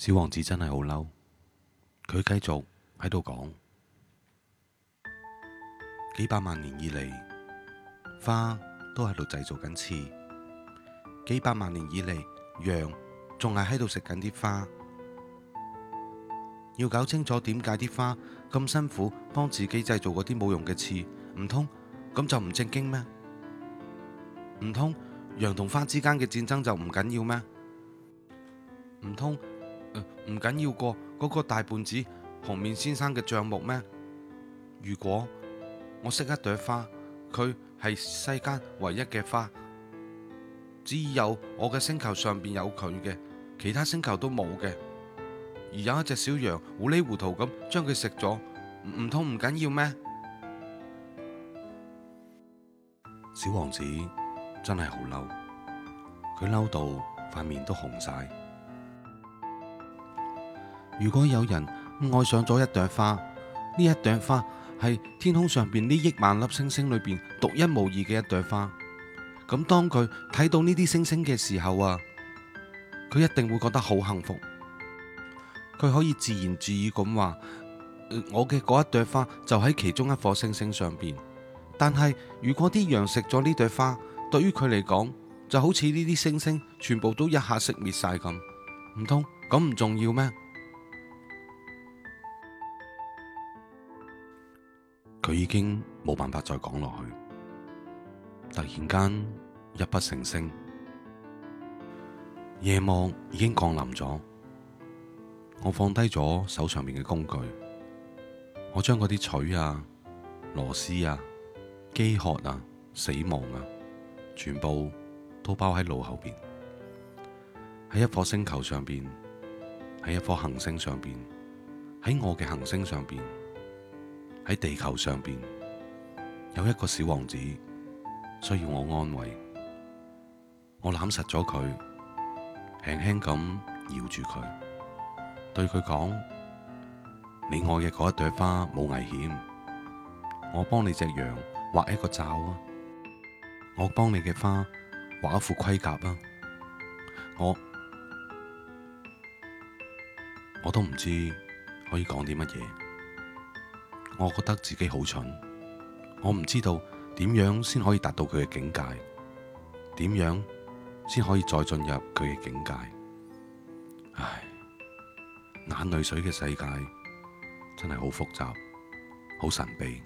小王子真係好嬲，佢繼續喺度講：幾百萬年以嚟，花都喺度製造緊刺；幾百萬年以嚟，羊仲係喺度食緊啲花。要搞清楚點解啲花咁辛苦幫自己製造嗰啲冇用嘅刺？唔通咁就唔正經咩？唔通羊同花之間嘅戰爭就唔緊要咩？唔通？呃、唔緊要過嗰個大胖子紅面先生嘅賬目咩？如果我識一朵花，佢係世間唯一嘅花，只有我嘅星球上邊有佢嘅，其他星球都冇嘅。而有一隻小羊糊裏糊塗咁將佢食咗，唔通唔緊要咩？小王子真係好嬲，佢嬲到塊面都紅晒。如果有人愛上咗一朵花，呢一朵花係天空上邊呢億萬粒星星裏邊獨一無二嘅一朵花。咁當佢睇到呢啲星星嘅時候啊，佢一定會覺得好幸福。佢可以自言自語咁話：我嘅嗰一朵花就喺其中一顆星星上邊。但係如果啲羊食咗呢朵花，對於佢嚟講就好似呢啲星星全部都一下熄滅晒咁，唔通咁唔重要咩？佢已經冇辦法再講落去，突然間泣不成聲。夜幕已經降臨咗，我放低咗手上邊嘅工具，我將嗰啲錘啊、螺絲啊、飢渴啊、死亡啊，全部都包喺腦後邊。喺一顆星球上邊，喺一顆行星上邊，喺我嘅行星上邊。喺地球上邊有一個小王子需要我安慰，我攬實咗佢，輕輕咁搖住佢，對佢講：你愛嘅嗰一朵花冇危險，我幫你隻羊畫一個罩啊，我幫你嘅花畫一副盔甲啊，我我都唔知可以講啲乜嘢。我覺得自己好蠢，我唔知道點樣先可以達到佢嘅境界，點樣先可以再進入佢嘅境界？唉，眼淚水嘅世界真係好複雜，好神秘。